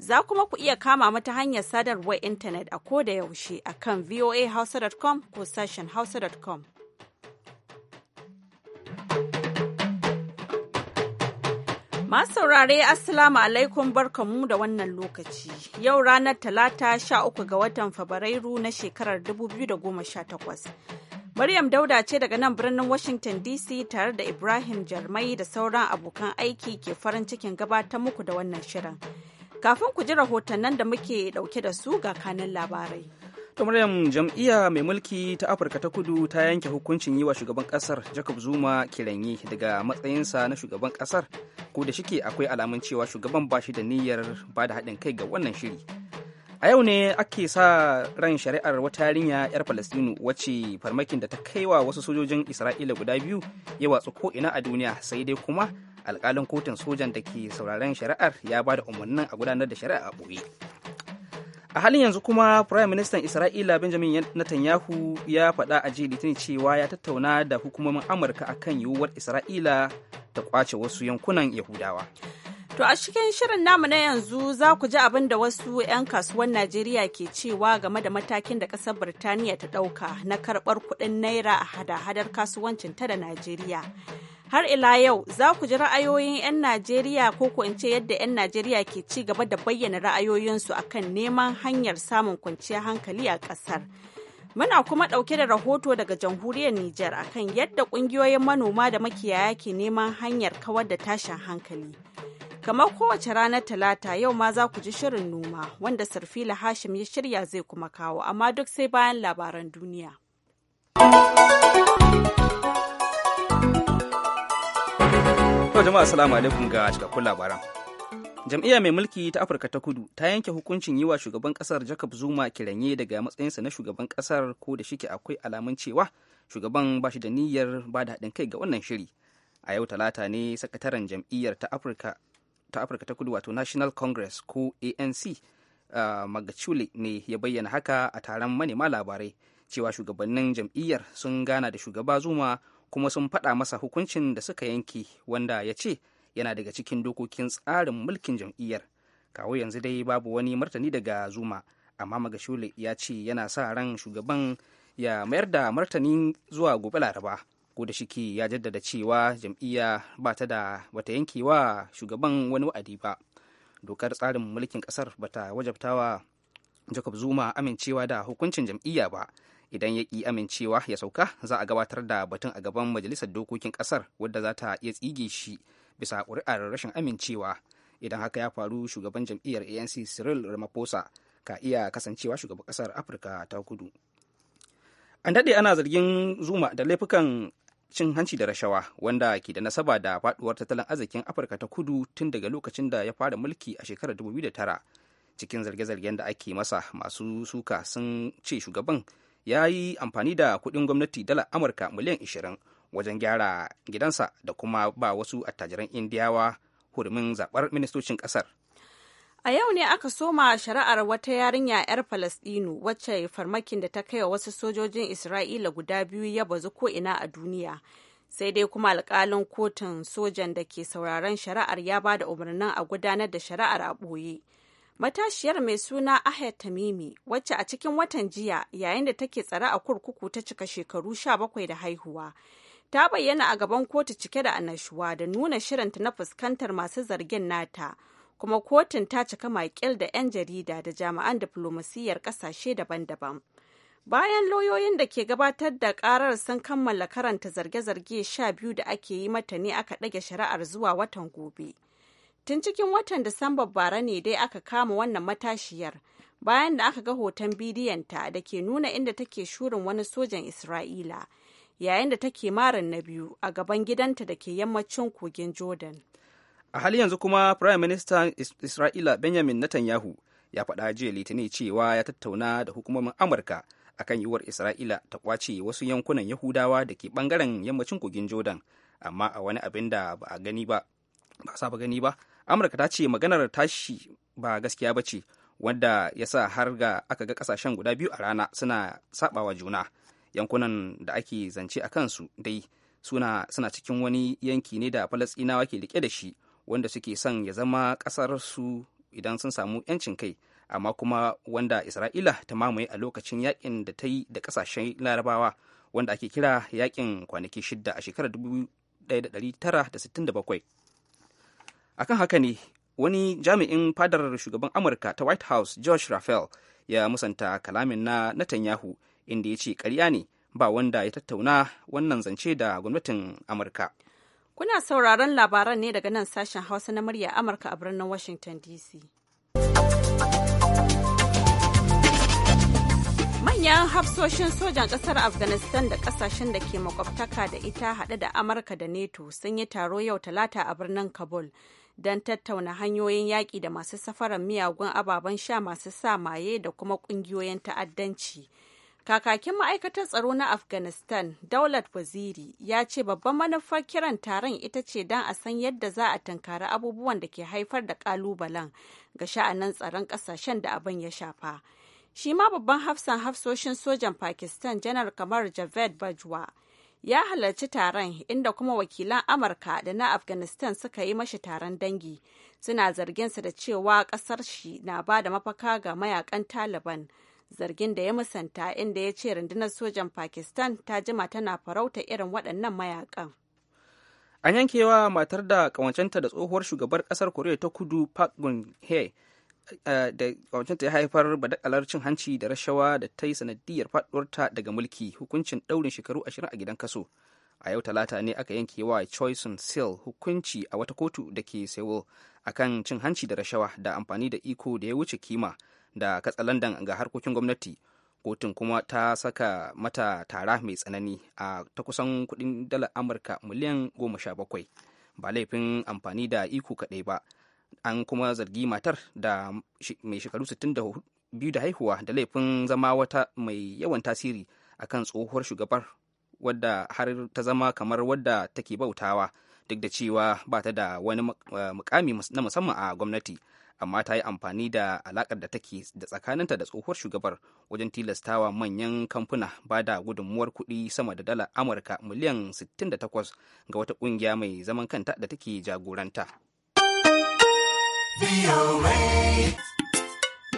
Za kuma ku iya kama mata hanyar sadarwar intanet a ko da yaushe a kan voahausa.com ko sashen hausa.com. Masu saurare Assalamu alaikum barkamu da wannan lokaci. Yau ranar Talata sha uku ga watan Fabrairu na shekarar 2018. Maryam Dauda ce daga nan birnin Washington DC tare da Ibrahim Jarmai da sauran abokan aiki ke farin cikin gabatar muku da wannan shirin. Kafin ku ji rahoton nan da muke dauke da su ga kanin labarai. Tamriyam jam'iyya mai mulki ta Afirka ta kudu ta yanke hukuncin yi wa shugaban kasar Jacob Zuma kiranyi daga matsayinsa na shugaban kasar ko da shike akwai alamun cewa shugaban ba shi da niyyar ba da haɗin kai ga wannan shiri. A yau ne ake sa ran shari'ar wata yarinya 'yar Falastinu wacce farmakin da ta kai wa wasu sojojin Isra'ila guda biyu ya watsu ko ina a duniya sai dai kuma alkalin kotun sojan da ke sauraren shari'ar ya ba da umarnin a gudanar da shari'a a ɓoye a halin yanzu kuma prime minister isra'ila benjamin netanyahu ya faɗa a jiya litinin cewa ya tattauna da hukumomin amurka akan yiwuwar isra'ila ta kwace wasu yankunan yahudawa To a cikin shirin namu na yanzu za ku ji abin da wasu 'yan kasuwan Najeriya ke cewa game da matakin da ƙasar Birtaniya ta ɗauka na karɓar kuɗin naira a hada-hadar kasuwancin ta da Najeriya. Har ila yau za ku ji ra'ayoyin 'yan Najeriya ko ku in ce yadda 'yan Najeriya ke ci gaba da bayyana ra'ayoyinsu akan neman hanyar samun kwanciyar hankali a ƙasar. Muna kuma ɗauke da rahoto daga jamhuriyar Nijar akan yadda ƙungiyoyin manoma da makiyaya ke neman hanyar kawar da tashin hankali. Kamar kowace ranar Talata yau ma za ku ji shirin noma wanda Sarfila Hashim ya shirya zai kuma kawo, amma duk sai bayan labaran duniya. To jama'a salamu alaikum ga cikakkun labaran. jam'iyya mai mulki ta afirka ta kudu ta yanke hukuncin yi wa shugaban kasar jacob zuma kiranye daga matsayinsa na shugaban kasar ko da shike akwai alamun cewa shugaban ba shi da niyyar ba da haɗin kai ga wannan shiri a yau talata ne sakataren jam'iyyar ta afirka ta afirka ta kudu wato national congress ko anc ah, magachule ne ya bayyana haka a taron manema labarai cewa shugabannin jam'iyyar sun gana da shugaba zuma kuma sun faɗa masa hukuncin da suka yanke wanda ya ce yana daga cikin dokokin tsarin mulkin jam'iyyar kawo yanzu dai babu wani martani daga zuma amma magashule ya ce yana sa ran shugaban ya mayar da martani zuwa gobe laraba ko da shike ya jaddada cewa jam'iyya ba ta da bata yankewa shugaban wani wa'adi ba dokar tsarin mulkin kasar ba ta wajabtawa jacob zuma amincewa da hukuncin jam'iyya ba idan ya ƙi amincewa ya sauka za a gabatar da batun a gaban majalisar dokokin kasar wadda za ta iya tsige shi bisa ƙuri'ar rashin amincewa idan haka ya faru shugaban jam'iyyar anc cyril ramaphosa ka iya kasancewa shugaban ƙasar afirka ta kudu an daɗe ana zargin zuma da laifukan cin hanci da rashawa wanda ke da nasaba da faɗuwar tattalin arzikin afirka ta kudu tun daga lokacin da ya fara mulki a shekarar 2009 cikin zarge-zargen da ake masa masu suka sun ce shugaban ya yi amfani da kuɗin gwamnati dala amurka miliyan 20 wajen gyara gidansa da kuma ba wasu attajiran indiyawa hurumin zabar ministocin kasar. A yau ne aka soma shari'ar wata yarinya 'yar Falasɗinu wacce farmakin da ta kai wa wasu sojojin Isra'ila guda biyu ya bazu ko'ina a duniya. Sai dai kuma alkalin kotun sojan da ke sauraron shari'ar ya ba da umarnin a gudanar da shari'ar a ɓoye. Matashiyar mai suna Ahmed Tamimi wacce a cikin watan jiya yayin da take tsare a kurkuku ta cika shekaru 17 da haihuwa ta bayyana a gaban kotu cike da anashuwa da nuna shirinta na fuskantar masu zargin nata kuma kotun ta cika makil da 'yan jarida da jami'an diflomasiyyar kasashe daban-daban bayan lauyoyin da ke gabatar da karar sun kammala karanta zarge-zarge sha biyu da ake yi mata ne aka ɗage shari'ar zuwa watan gobe tun cikin watan disamba bara ne dai aka kama wannan matashiyar bayan da aka ga hoton bidiyonta da ke nuna inda take shurin wani sojan isra'ila yayin da take maran na biyu a gaban gidanta da ke yammacin kogin jordan a hali yanzu kuma prime minister isra'ila benjamin netanyahu ya faɗa jiya litinin cewa ya tattauna da hukumomin amurka akan yiwuwar isra'ila ta kwace wasu yankunan yahudawa da ke bangaren yammacin kogin jordan amma a wani abin da ba a gani ba ba saba gani ba amurka ta ce maganar tashi ba gaskiya ba ce wanda ya sa har ga aka ga kasashen guda biyu a rana suna sabawa juna yankunan da ake zance a kansu dai suna suna cikin wani yanki ne da falasɗinawa ke rike da shi wanda suke son ya zama kasar su idan sun samu yancin kai amma kuma wanda isra'ila ta mamaye a lokacin yakin da ta yi da kasashen larabawa wanda ake kira yakin kwanaki shidda a shekarar 1967 akan haka ne wani jami'in fadar shugaban amurka ta white house george rafael ya musanta kalamin na netanyahu inda ya ce karya ne ba wanda ya tattauna wannan zance da gwamnatin amurka kuna sauraron labaran ne daga nan sashen hausa na murya amurka a birnin washington dc manyan hafsoshin sojan kasar afghanistan da kasashen da ke makwabtaka da ita hade da amurka da neto sun yi taro yau talata a birnin kabul don tattauna hanyoyin yaƙi da masu safarar miyagun ababen sha masu sa maye da kuma ƙungiyoyin ta'addanci. Kakakin ma'aikatar tsaro na Afghanistan, Daulat Waziri, ya ce babban manufar kiran taron ita ce don a san yadda za a tankari abubuwan da ke haifar da kalubalen ga sha'anin tsaron kasashen da abin ya shafa. Shi ma babban hafsan hafsoshin sojan Pakistan, Janar Kamar Javed Bajwa, ya halarci taron inda kuma wakilan Amurka da na Afghanistan suka yi mashi taron dangi, suna zarginsa da cewa ƙasar shi na ba da mafaka ga mayakan Taliban. zargin da ya musanta inda ya ce rundunar sojan pakistan ta jima tana farauta irin waɗannan mayakan an yankewa matar da kawancenta da tsohuwar shugabar kasar koriya ta kudu park gun he eh, da kawancenta ya haifar badakalar cin hanci da rashawa da ta yi sanadiyar faduwarta daga mulki hukuncin daurin shekaru ashirin a gidan kaso a yau talata ne aka yanke wa choison seal hukunci a wata kotu da ke sewol akan cin hanci da rashawa da amfani da iko da ya wuce kima da katsalandan ga harkokin gwamnati kotun kuma ta saka mata tara mai tsanani a ta kusan kudin dalar amurka miliyan goma sha bakwai ba laifin amfani da iko kaɗai ba an kuma zargi matar da mai shekaru 62 da haihuwa da laifin zama wata mai yawan tasiri akan tsohuwar shugabar wadda har ta zama kamar wadda take bautawa duk da cewa ba ta da wani eh, mukami na musamman a gwamnati amma ta yi amfani da alakar da take da tsakaninta da tsohuwar shugabar wajen tilastawa manyan kamfuna ba da gudunmuwar kuɗi sama da dala amurka miliyan 68 ga wata ƙungiya mai zaman kanta da take jagoranta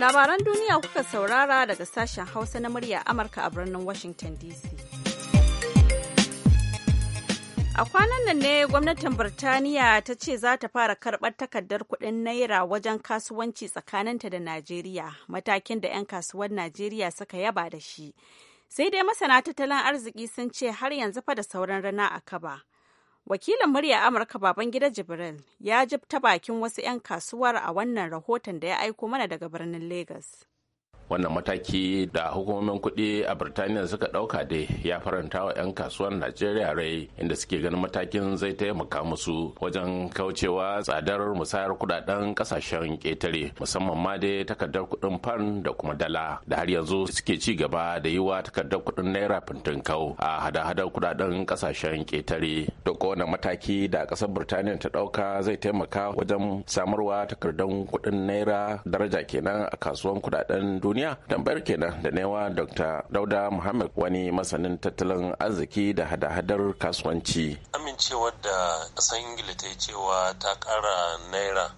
labaran duniya kuka saurara daga sashen hausa na murya amurka a birnin washington dc A kwanan nan ne gwamnatin Birtaniya ta ce za ta fara karɓar takardar kuɗin Naira wajen kasuwanci tsakaninta da Najeriya, matakin da 'yan kasuwar Najeriya suka yaba da shi. Sai dai masana tattalin arziki sun ce har yanzu fa da sauran rana a kaba. Wakilin murya Amurka baban gida Jibril ya jib ta bakin wasu 'yan kasuwar a wannan rahoton da ya aiko mana daga birnin Legas. wannan mataki da hukumomin kuɗi a birtaniya suka ɗauka dai ya faranta wa 'yan kasuwar najeriya rai inda suke ganin matakin zai taimaka musu wajen kaucewa tsadar musayar kuɗaɗen kasashen ƙetare musamman ma dai takardar kuɗin fan da kuma dala da har yanzu suke ci gaba da yiwa takardar kuɗin naira fintinkau a hada-hadar kuɗaɗen kasashen ƙetare da kowane mataki da ƙasar birtaniya ta ɗauka zai taimaka wajen samarwa takardar kuɗin naira daraja kenan a kasuwan kuɗaɗen duniya duniya tambayar kenan da newa dr dauda muhammad wani masanin tattalin arziki da hada-hadar kasuwanci amincewar da ƙasar ingila ta yi cewa ta kara naira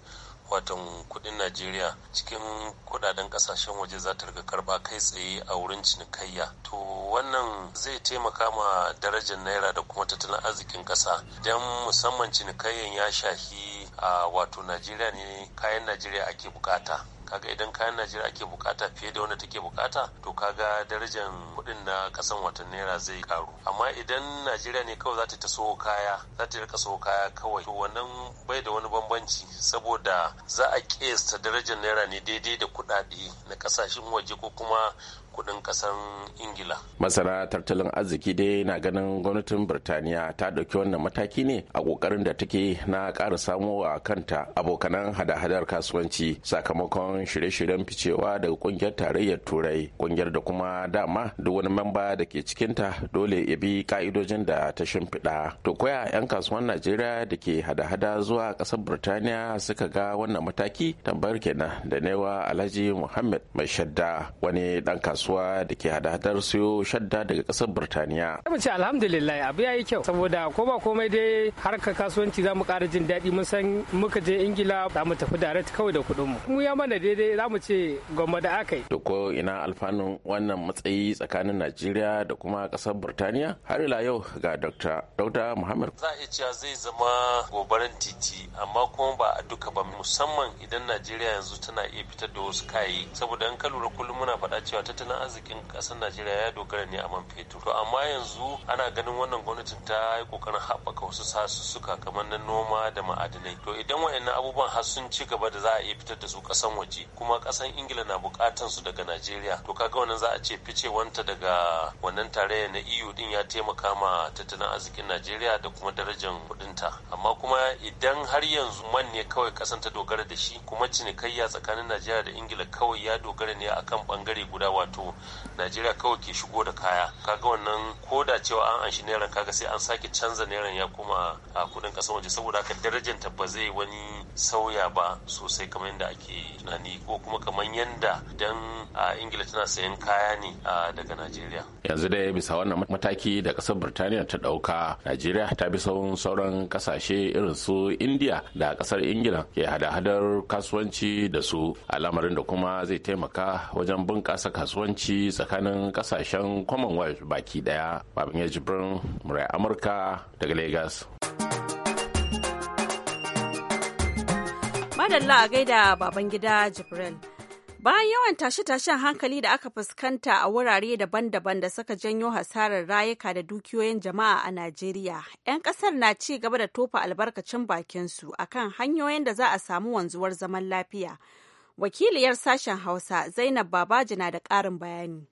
watan kudin najeriya cikin kudaden kasashen waje za ta riga karba kai tsaye a wurin cinikayya to wannan zai taimaka ma darajar naira da kuma tattalin arzikin kasa don musamman cinikayyan ya shahi a wato najeriya ne kayan najeriya ake bukata kaga idan kayan najeriya ake bukata fiye da wanda take bukata to kaga darajar kudin na kasan watan naira zai karu amma idan najeriya ne kawai zata ta taso kaya zata rika so kaya kawai to wannan bai da wani bambanci saboda za a kesta darajar naira ne daidai da kuɗaɗe na kasashen waje ko kuma kudin kasar ingila masana tattalin arziki dai na ganin gwamnatin birtaniya ta dauki wannan mataki ne a ƙoƙarin da take na kara samo a kanta abokanan hada-hadar kasuwanci sakamakon shirye-shiryen ficewa daga ƙungiyar tarayyar turai ƙungiyar da kuma dama duk wani mamba da ke cikinta dole ya bi ka'idojin da ta shimfiɗa to koya 'yan kasuwan najeriya da ke hada-hada zuwa ƙasar birtaniya suka ga wannan mataki tambayar kenan da newa alhaji muhammad mai shadda wani ɗan kasuwa kasuwa da ke hada-hadar siyo shadda daga kasar Birtaniya. Mu ce alhamdulillah abu ya yi kyau saboda ko ba komai dai harkar kasuwanci za mu ƙara jin daɗi mun san muka je Ingila za mu tafi direct kawai da kuɗin mu. Mu ya mana daidai za mu ce gwamma da aka yi. ko ina alfanun wannan matsayi tsakanin Najeriya da kuma kasar Birtaniya har ila yau ga Dr. Dauda Muhammad. Za a iya cewa zai zama gobarin titi amma kuma ba a duka ba musamman idan Najeriya yanzu tana iya fitar da wasu kayayyaki saboda an ka lura kullum muna faɗa cewa tattalin tattalin arzikin kasar najeriya ya dogara ne a man fetur to amma yanzu ana ganin wannan gwamnatin ta yi kokarin haɓaka wasu sassuka, kamar na noma da ma'adinai to idan waɗannan abubuwan har sun ci gaba da za a iya fitar da su ƙasan waje kuma ƙasan ingila na buƙatan su daga najeriya to kaga wannan za a ce ficewanta daga wannan tarayya na eu din ya taimaka ma tattalin arzikin najeriya da kuma darajar kuɗinta amma kuma idan har yanzu man ne kawai kasan ta dogara da shi kuma cinikayya tsakanin najeriya da ingila kawai ya dogara ne akan bangare guda wato wato najeriya kawai ke shigo da kaya kaga wannan ko da cewa an anshi naira kaga sai an sake canza naira ya koma a kudin kasar waje saboda haka ta ba zai wani sauya ba sosai kamar yadda ake tunani ko kuma kamar yadda dan a ingila tana sayan kaya ne daga najeriya yanzu dai bisa wannan mataki da kasar birtaniya ta dauka najeriya ta bi sauran sauran kasashe irin su indiya da kasar ingila ke hada-hadar kasuwanci da su al'amarin da kuma zai taimaka wajen bunkasa kasuwanci kasuwanci tsakanin kasashen commonwealth baki daya babin ya jibrin murai amurka daga lagos madalla a gaida baban gida jibril bayan yawan tashe-tashen hankali da aka fuskanta a wurare daban-daban da suka janyo hasarar rayuka da dukiyoyin jama'a a najeriya 'yan kasar na ci gaba da tofa albarkacin bakinsu akan hanyoyin da za a samu wanzuwar zaman lafiya Wakiliyar sashen Hausa Zainab Babaji na da ƙarin bayani.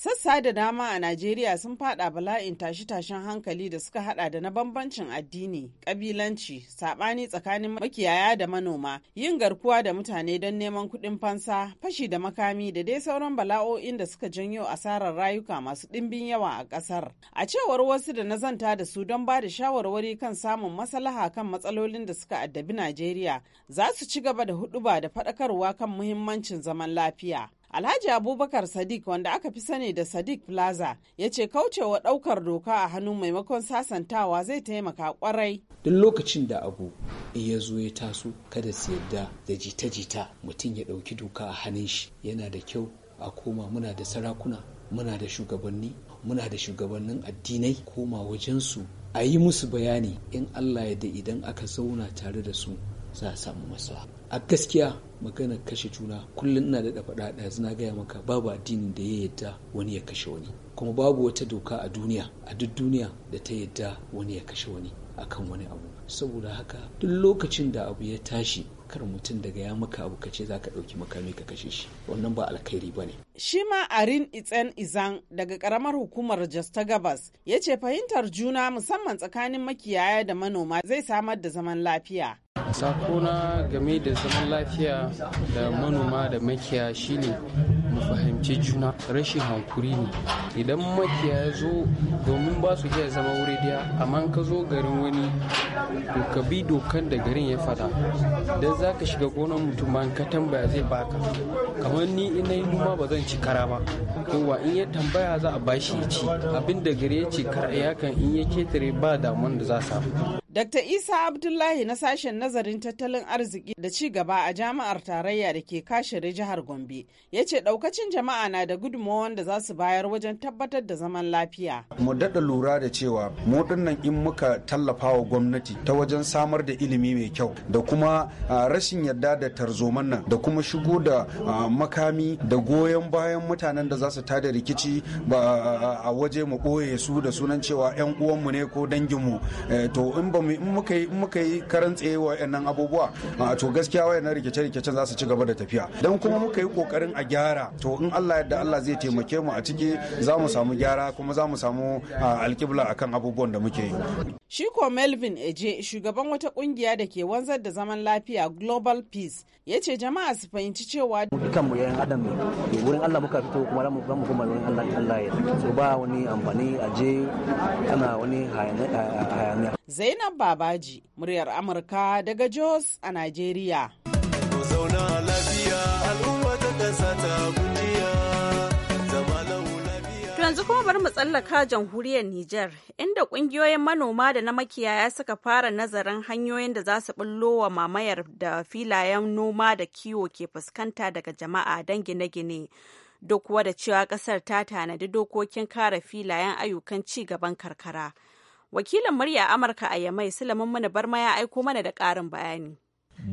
Sassa da dama a Najeriya sun fada bala'in tashe-tashen hankali da suka hada da na bambancin addini, kabilanci, sabani tsakanin makiyaya da manoma, yin garkuwa da mutane don neman kuɗin fansa, fashi da makami da dai sauran bala'o'in da suka janyo asarar rayuka masu ɗimbin yawa a ƙasar. A cewar wasu da nazanta da su don ba da shawarwari kan samun maslaha kan matsalolin da suka addabi Najeriya, za su ci gaba da huɗuba da faɗakarwa kan muhimmancin zaman lafiya. Alhaji Abubakar Sadiq wanda aka fi sani da Sadiq Plaza ya ce kaucewa ɗaukar doka a hannu maimakon sasantawa zai taimaka kwarai. Duk lokacin da abu ya zo ya taso kada su yadda da jita-jita mutum ya ɗauki doka a hannun shi yana da kyau a koma muna da sarakuna muna da shugabanni muna da shugabannin addinai koma wajensu a yi musu bayani in allah ya da idan aka zauna tare da su za a samu maslaha a gaskiya magana kashe juna kullum ina da faɗa ɗaya na gaya maka babu addinin da ya yadda wani ya kashe wani kuma babu wata doka a duniya a duk duniya da ta yadda wani ya kashe wani akan wani abu saboda haka duk lokacin da abu ya tashi kar mutum daga ya maka abu ce za ka ɗauki makami ka kashe shi wannan ba alkhairi ba ne. shi ma arin itsen izan daga karamar hukumar jos ta gabas ya ce fahimtar juna musamman tsakanin makiyaya da manoma zai samar da zaman lafiya. sakona game da zaman lafiya da manoma da makiya shine mu fahimci juna rashin hankuri ne idan makiya ya zo domin ba su iya zama wuri daya amma ka zo garin wani to ka bi dokan da garin ya fada idan za ka shiga gonar mutum ba ka tambaya zai baka kamar ni ina yi noma ba zan ci kara ba kowa in ya tambaya za a bashi ya ci abin da gari ya ce kar ya kan in ya ketare ba damuwan da za samu Dr. Isa Abdullahi na sashen nazari nazarin tattalin arziki da ci gaba a jami'ar tarayya da ke kashirin jihar Gombe ya ce daukacin jama'a na da gudunmawar da za su bayar wajen tabbatar da zaman lafiya. Mu daɗa lura da cewa mu dinnan in muka tallafa wa gwamnati ta wajen samar da ilimi mai kyau da kuma rashin yarda da tarzoman nan da kuma shigo da makami da goyon bayan mutanen da za su tada rikici ba a waje mu ɓoye su da sunan cewa 'yan uwanmu ne ko danginmu eh, to in muka yi karan tsaye wa wayannan abubuwa to gaskiya wayannan rikice-rikicen za su ci gaba da tafiya don kuma muka yi kokarin a gyara to in Allah yadda Allah zai taimake mu a ciki za mu samu gyara kuma za mu samu alkibla akan abubuwan da muke yi shi ko Melvin Eje shugaban wata kungiya da ke wanzar da zaman lafiya Global Peace ya ce jama'a su fahimci cewa dukkan mu yayin adam ne wurin Allah muka fito kuma za mu kuma wurin Allah Allah ya so ba wani amfani a je ana wani hayaniya Zainab Babaji, muryar Amurka daga Jos a Najeriya. yanzu kuma bari mu tsallaka jamhuriyar Nijar, inda kungiyoyin manoma da na makiyaya suka fara nazarin hanyoyin da za su bullo wa mamayar da filayen noma da kiwo ke fuskanta daga jama'a don gine-gine. Duk da cewa kasar ta tanadi dokokin kare filayen ayyukan ci gaban karkara. Wakilin murya Amurka a Yamai Sulaiman Mana Barma ya aiko mana da karin bayani.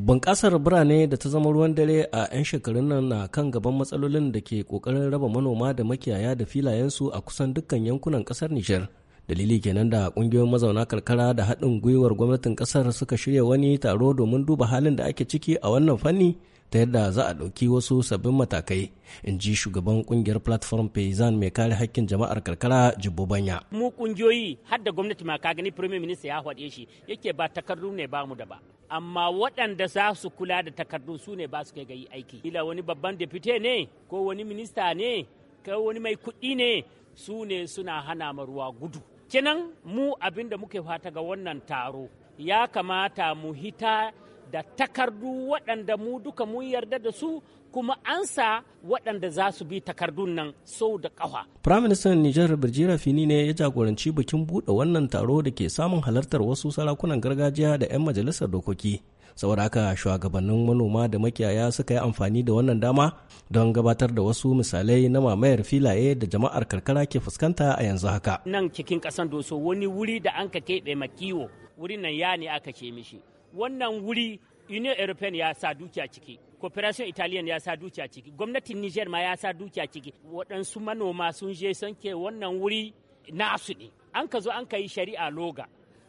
Bunƙasar birane da ta zama ruwan dare a 'yan shekarun nan na kan gaban matsalolin da ke ƙoƙarin raba manoma da makiyaya da filayensu a kusan dukkan yankunan ƙasar Nijar. Dalili kenan da ƙungiyoyin mazauna karkara da haɗin gwiwar gwamnatin ƙasar suka shirya wani taro domin duba halin da ake ciki a wannan fanni ta yadda za a ɗauki wasu sabbin matakai in ji shugaban kungiyar platform paysan mai kare hakkin jama'ar karkara jibbo banya mu kungiyoyi har da gwamnati ma ka gani premier minister ya haɗe shi yake ba takardu ne ba mu da ba amma waɗanda za su kula da takardu su ne ba su kai ga yi aiki ila wani babban deputy ne ko wani minista ne ko wani mai kuɗi ne su ne suna hana ma ruwa gudu kenan mu abinda da muke fata ga wannan taro ya kamata mu hita da takardu waɗanda mu duka mun yarda da su kuma ansa waɗanda za su bi takardun nan sau da ƙafa. Firaministan Nijar Birjira Fini ne ya jagoranci bikin buɗe wannan taro da ke samun halartar wasu sarakunan gargajiya da 'yan majalisar dokoki. saboda haka shugabannin manoma da makiyaya suka yi amfani da wannan dama don gabatar da wasu misalai na mamayar filaye da jama'ar karkara ke fuskanta a yanzu haka nan cikin kasan doso wani wuri da an ka keɓe makiwo wurin nan ya ne aka ce mishi wannan wuri union european ya sa dukiya ciki cooperation italian ya sa dukiya ciki gwamnatin niger ma ya sa dukiya ciki waɗansu manoma sun je sanke wannan wuri nasu ne an ka zo an ka yi shari'a loga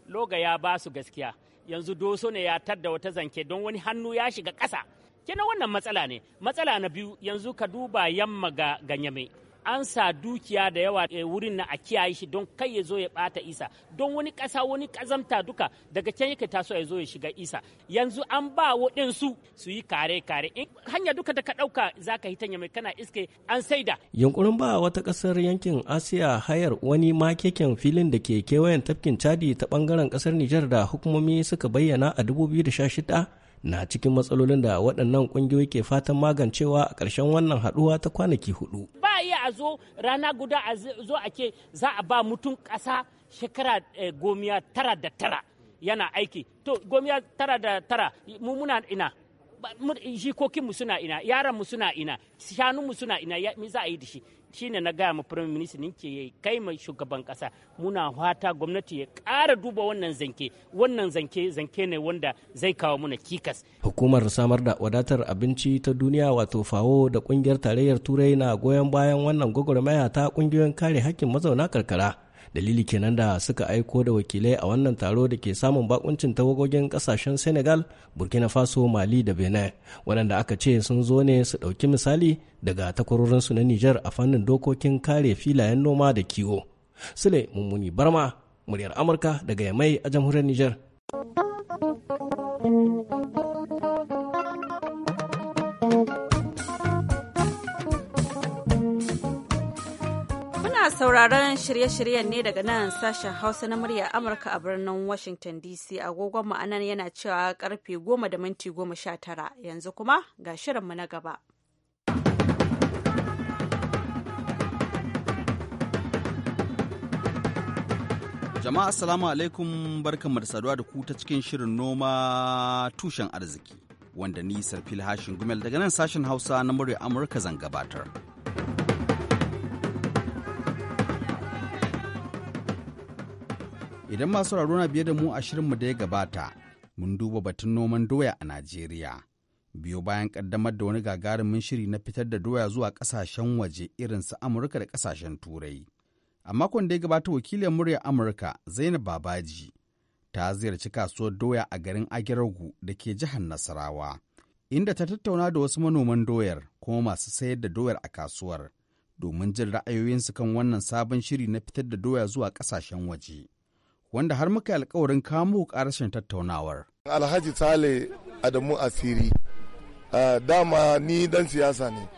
loga ya ba su gaskiya yanzu doso ne ya tadda wata zanke don wani hannu ya shiga ƙasa kenan wannan matsala ne matsala na biyu yanzu ka duba yamma ga ganyame an sa dukiya da yawa eh, wurin na a kiyaye shi don kai ya zo ya bata isa don wani kasa wani ƙazamta duka daga can yake taso ya zo ya shiga isa yanzu an ba waɗansu su yi kare kare in hanya duka da ka ɗauka za ka ya mai kana iske an saida. yunkurin ba wata kasar yankin asiya hayar wani makekin filin da ke kewayen tafkin chadi ta bangaren ƙasar nijar da hukumomi suka bayyana a 2016 na cikin matsalolin da waɗannan ƙungiyoyi ke fatan magancewa a ƙarshen wannan haɗuwa ta kwanaki hudu. Ba iya a zo rana guda a zo a ke za a ba mutum ƙasa shekara eh, gomiya tara da tara yana aiki. To gomiya tara da tara ina. Jikokinmu suna ina, yaranmu suna ina, shanunmu suna ina, za a yi da shi? shine na gaya ma firayim minista ninke ya kai mai shugaban kasa muna fata gwamnati ya kara duba wannan zanke wannan zanke zanke ne wanda zai kawo muna kikas hukumar samar da wadatar abinci ta duniya wato fawo da kungiyar tarayyar turai na goyon bayan wannan gwagwarmaya ta kungiyoyin kare hakkin mazauna karkara dalili kenan da suka aiko da wakilai a wannan taro da ke samun bakuncin tawagogin kasashen senegal burkina faso mali da benin waɗanda aka ce sun zo ne su ɗauki misali daga takwarorinsu na niger a fannin dokokin kare filayen noma da kiwo sule mummuni barma muryar amurka daga yamai a jamhuriyar niger Kuna sauraron shirye-shiryen ne daga nan sashen Hausa na murya Amurka a birnin Washington DC agogon ma'anan yana cewa karfe goma da minti goma sha tara yanzu kuma ga shirinmu na gaba. Jama'a Assalamu alaikum barkanmu da saduwa da ku ta cikin shirin noma tushen arziki wanda ni Sarfil Hashin Gumel daga nan sashen Hausa na murya Amurka zan gabatar. Idan masu sauraro na biye da mu a shirinmu da ya gabata, mun duba batun noman doya a Najeriya. Biyo bayan kaddamar da wani gagarumin shiri na fitar da doya zuwa kasashen waje irin su Amurka da kasashen Turai. A makon da ya gabata wakilin murya Amurka Zainab Babaji ta ziyarci kasuwar doya a garin Agiragu da ke jihar Nasarawa, inda ta tattauna da wasu manoman doyar kuma masu sayar da doyar a kasuwar domin jin ra'ayoyinsu kan wannan sabon shiri na fitar da doya zuwa kasashen waje. wanda har muka alkawarin kamo ƙarashin tattaunawar. Alhaji Sale Adamu Asiri, dama ni dan siyasa ne,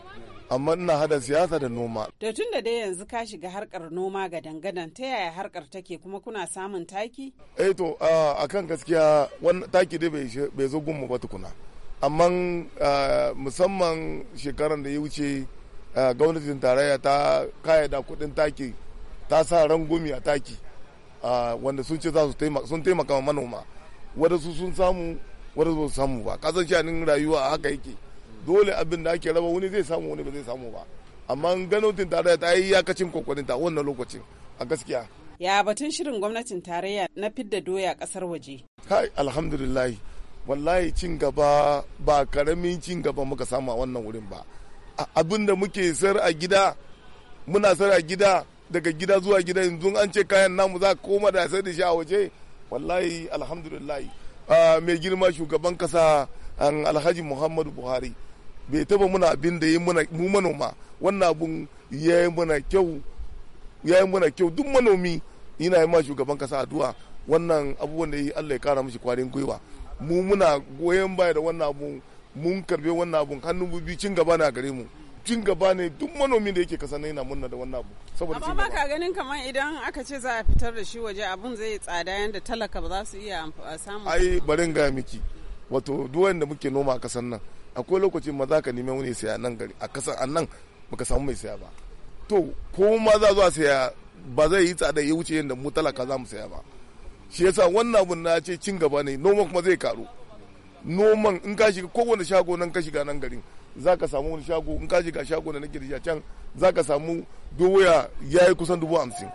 amma ina hada siyasa da noma. To tun da dai yanzu ka shiga harkar noma ga dangadan ta yaya harkar take kuma kuna samun taki? Eh to a kan gaskiya wani taki dai bai zo gunmu ba tukuna. Amma musamman shekaran da ya wuce gwamnatin tarayya ta kayada kuɗin taki ta sa rangumi a taki. wanda sun ce za su taimaka ma manoma su sun samu wanda su samu ba kasan shanin rayuwa a haka yake dole abin da ake raba wani zai samu wani ba zai samu ba amma ganotin tarayya ta yi yakacin kokarin ta wannan lokacin a gaskiya ya batun shirin gwamnatin tarayya na fidda doya kasar waje kai alhamdulillah wallahi cin gaba ba karamin cin gaba muka samu a wannan wurin ba abin da muke sar a gida muna sar a gida daga gida zuwa gida yanzu an ce kayan namu za ka koma da sai da shi a waje wallahi alhamdulillah ah, mai girma shugaban kasa alhaji muhammadu buhari bai taba muna abin da ya mu manoma wannan abun ya yi muna kyau ya yi kyau duk manomi yana yi ma shugaban kasa addu'a wannan abubuwan da ya yi Allah ya kara mashi kwarin gwiwa mu muna goyon baya da wannan abu mun karbe wannan abun hannun bubi cin gaba na gare mu cin gaba ne duk manomin da yake kasa na yana murna da wannan abu saboda amma ba ka ganin kamar idan aka ce za a fitar da shi waje abun zai tsada yanda talaka ba za su iya samun ai barin ga miki wato duwan da muke noma a kasan nan akwai lokacin ma za ka nemi wani saya nan gari a kasan an nan baka samu mai saya ba to ko ma za zuwa saya ba zai yi tsada ya wuce yadda mu talaka za mu saya ba shi yasa wannan abun na ce cin gaba ne noman kuma zai karu noman in ka shiga kowane shago nan ka shiga nan garin za ka samu wani shago in ka ji ga shago da na da can za ka samu doya ya yi kusan dubu hamsin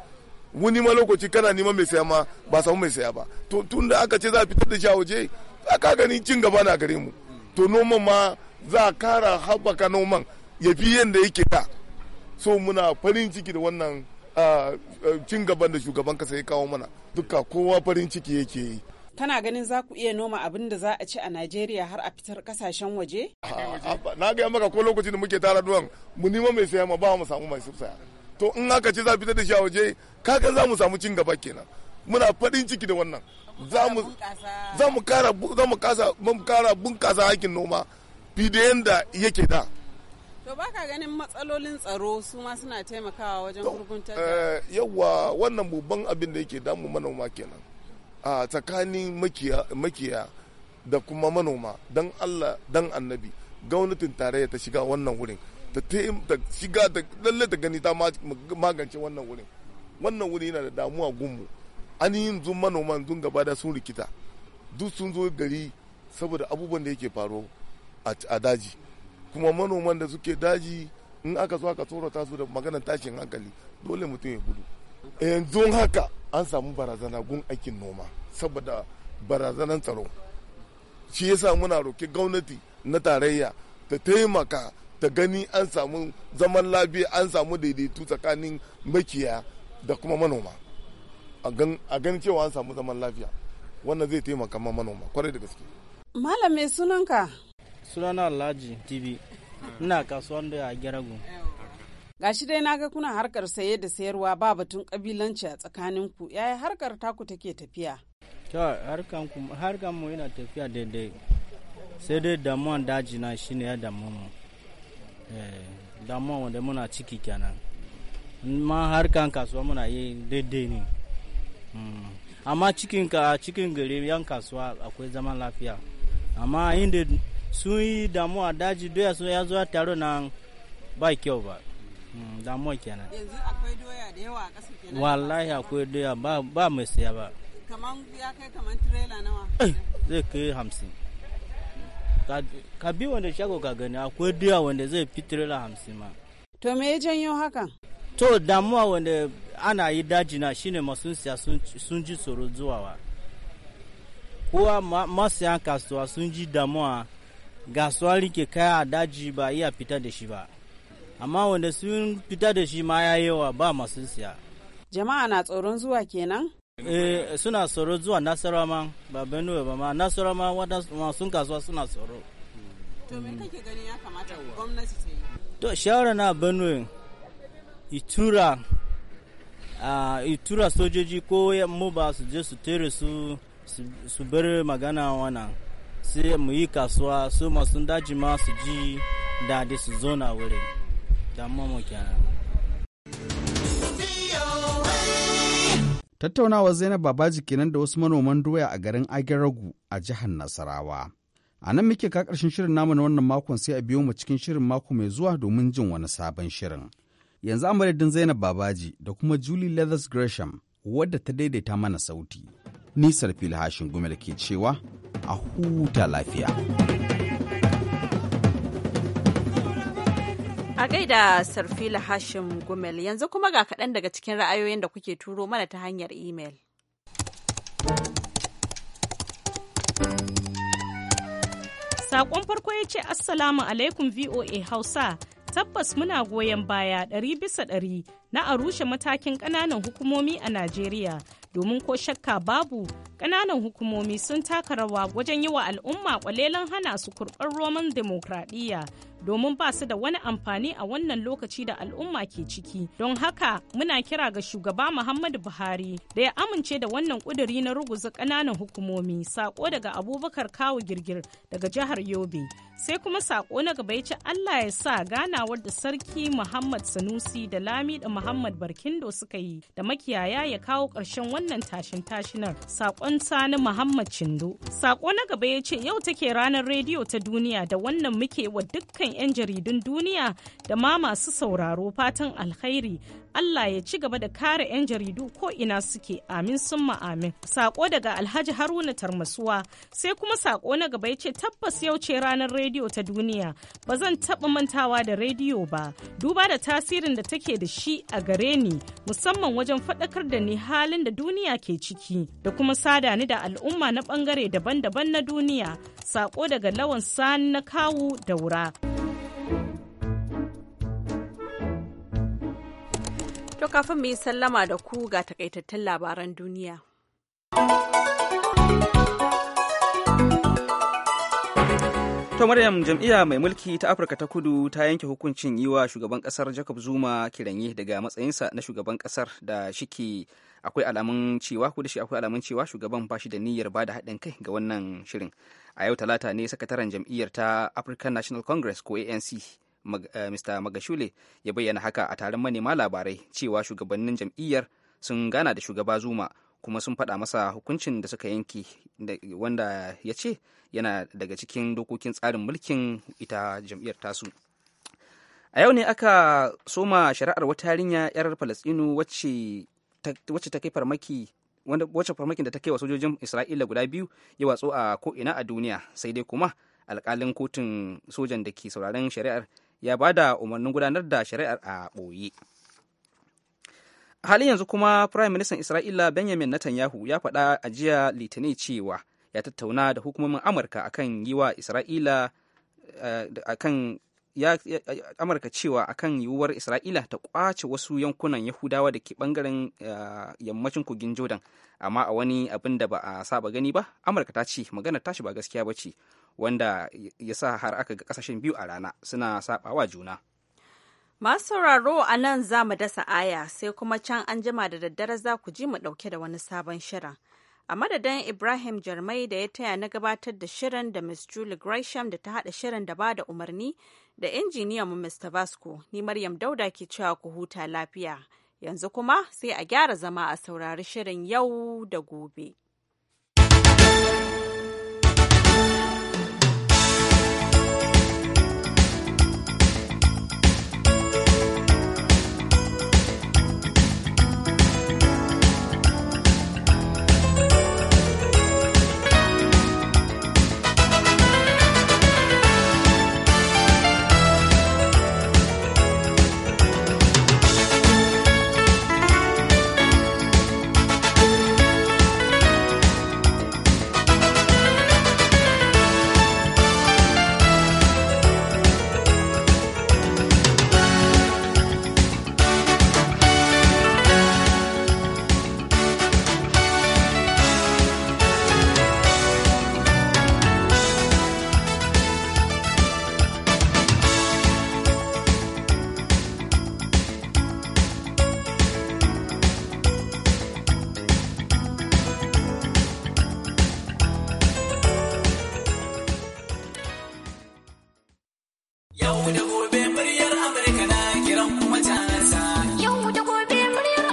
wani ma lokaci kana neman mai saya ma ba samu mai saya ba to tun da aka ce za a fitar da shawaje a ka aka gani cin gaba na gare mu to noman ma za a kara haɓaka noman ya fi yadda yake da so muna farin ciki da wannan ah, cin gaban da shugaban kasa ya kawo mana duka kowa farin ciki yake yi Kana ganin za ku iya noma abin da za a ci a Najeriya har a fitar kasashen waje? Na gaya maka ko lokacin da muke tara duwan mu nima mai saya ma ba mu samu mai saya. To in aka ce za fitar da shi a waje kaga za mu samu cin gaba kenan. Muna faɗin ciki da wannan. Za mu kara bunkasa hakin noma fidayen da yake da. To ba ka ganin matsalolin tsaro su ma suna taimakawa wajen gurguntar da? Eh, Yawwa wannan babban abin da yake damu manoma kenan. a tsakanin makiya da kuma manoma don allah don annabi gwamnatin tarayya ta shiga wannan wurin ta shiga ta lalle ta gani ta magance wannan wurin wannan wuri yana da damuwa gunmu an yi zun manoman zun gaba da sun rikita duk sun zo gari saboda abubuwan da yake faro a daji kuma manoman da suke daji in aka so aka tsorata su da maganar tashin hankali dole mutum ya gudu yanzu haka an samu barazana gun aikin noma saboda barazanan tsaro shi yasa muna roki gwamnati na tarayya ta taimaka ta gani an samu zaman lafiya an samu daidaitu tsakanin makiya da kuma manoma a gani cewa an samu zaman lafiya wannan zai taimaka ma manoma kwarai da gaske malam mai sunanka sunana alhaji tv ina kasuwan da a gyaragu Gashi dai naga kuna harkar saye da sayarwa ba batun kabilanci a tsakanin ku. Yaya harkar taku take tafiya? To harkan ku harkan mu yana tafiya daidai. Sai dai damuwan daji na ne ya damu mu. Eh, damuwan wanda muna ciki kenan. Ma harkan kasuwa muna yi daidai ne. Hmm. Amma cikin ka cikin gari yan kasuwa akwai zaman lafiya. Amma inda sun yi damuwa daji doya sun ya zo taro na ba kyau ba. Hmm, damuwa kenan yanzu akwai doya da yawa a ƙasa kenan wallahi akwai doya ba mai siya ba kaman ya kai kaman trailer nawa eh, zai kai hamsin ka bi wanda shago ka gani akwai doya wanda zai fi trailer hamsin ma to me ya janyo to damuwa wanda ana yi daji na shine masu siya sun ji tsoro zuwawa kowa masu kasuwa sun ji damuwa ga suwa rike kaya a daji ba iya fita da shi ba amma wanda sun fita da shi ma ya yawa ba masu siya jama'a na tsoron zuwa kenan eh suna tsoro zuwa nasarawa ma ba benue ba ma nasarawa ma masu kasuwa suna tsoro to me kake gani ya kamata gwamnati ta yi to shawara na benue itura itura sojoji ko mu ba su je su tere su su bar magana wana sai mu yi kasuwa su masu daji ma su ji da su zo na wurin damuwa tattaunawa zainab babaji kenan da wasu manoman doya a garin agaragu a jihar nasarawa a nan muke ka karshen shirin namu na wannan makon sai a biyo mu cikin shirin mako mai zuwa domin jin wani sabon shirin yanzu amadadin zainab babaji da kuma julie leathers gresham wadda ta daidaita mana sauti nisar filhashin gumel ke cewa a huta lafiya. A gaida Sarfila Hashim Gumel yanzu kuma ga kaɗan daga cikin ra'ayoyin da kuke turo mana ta hanyar imel. Saƙon farko ya ce Assalamu alaikum VOA Hausa. Tabbas muna goyon baya ɗari bisa ɗari na a rushe matakin ƙananan hukumomi a Najeriya domin ko shakka babu ƙananan hukumomi sun taka rawa wajen yi wa al'umma ƙwalelan hana su kurɓar roman demokradiyya domin ba su da wani amfani a wannan lokaci da al'umma ke ciki don haka muna kira ga shugaba muhammadu buhari da ya amince da wannan kuduri na ruguza ƙananan hukumomi saƙo daga abubakar kawo girgir daga jihar yobe sai kuma sako na gaba ce Allah ya sa ganawar da sarki Muhammad Sanusi da Lamida Muhammad Barkindo suka yi da makiyaya ya kawo ƙarshen wannan tashin tashinar sakon Sani Muhammad cindo. sako na gaba ya ce yau take ranar rediyo ta duniya da wannan muke wa dukkan 'yan jaridun duniya da ma masu sauraro fatan alkhairi Allah ya ci gaba da kare 'yan jaridu ko ina suke amin sun ma amin sako daga Alhaji Haruna Tarmasuwa sai kuma sako na gaba ya ce tabbas yau ce ranar rediyo ta duniya ba zan taɓa mantawa da rediyo ba duba da tasirin da take da shi a gare ni musamman wajen faɗakar da ni halin da duniya ke ciki da kuma sada ni da al'umma na ɓangare daban-daban na duniya saƙo daga lawan sani na kawu wura. To kafin mu sallama da ku ga takaitattun labaran duniya. to Maryam jam'iyya mai mulki ta Afirka ta Kudu ta yanke hukuncin yi wa shugaban kasar Jacob Zuma kiranye daga matsayinsa na shugaban kasar da shike akwai alamun cewa ko da shi akwai alamun cewa shugaban bashi shi da niyyar ba da haɗin kai ga wannan shirin. A yau talata ne sakataren jam'iyyar ta African National Congress ko ANC Mr. Eh, Magashule ya bayyana haka a taron manema labarai cewa shugabannin jam'iyyar sun gana da shugaba Zuma kuma sun faɗa masa hukuncin da suka yanki wanda ya ce yana daga cikin dokokin tsarin mulkin ita jam'iyyar tasu a yau ne aka soma shari'ar wata yarinya 'yar falastinu wacce ta kai farmaki wanda wacce farmakin da ta kai wa sojojin isra'ila guda biyu ya watsu a ko'ina a duniya sai dai kuma alkalin kotun sojan da ke sauraron shari'ar ya ba da umarnin gudanar da shari'ar a ɓoye. halin yanzu kuma prime minister isra'ila benjamin netanyahu ya faɗa a jiya litinin cewa ya tattauna da hukumomin amurka akan yi wa isra'ila eh, akan ya, amurka cewa akan yiwuwar isra'ila ta kwace wasu yankunan yahudawa da ke bangaren eh, yammacin kogin jordan amma a wani abin da ba a saba gani ba amurka ta ce magana tashi ba gaskiya ba ce wanda ya sa har aka ga kasashen biyu a rana suna sabawa juna Masu sauraro a nan za mu dasa aya sai kuma can an jima da daddare za ku ji mu ɗauke da wani sabon shirin. A madadin Ibrahim Jarmai da ya taya na gabatar da shirin da Miss Julie Gresham da ta haɗa shirin da ba da umarni da injiniyan mu Mr. Vasco ni Maryam Dauda ke cewa ku huta lafiya. Yanzu kuma sai a gyara zama a saurari shirin yau da gobe.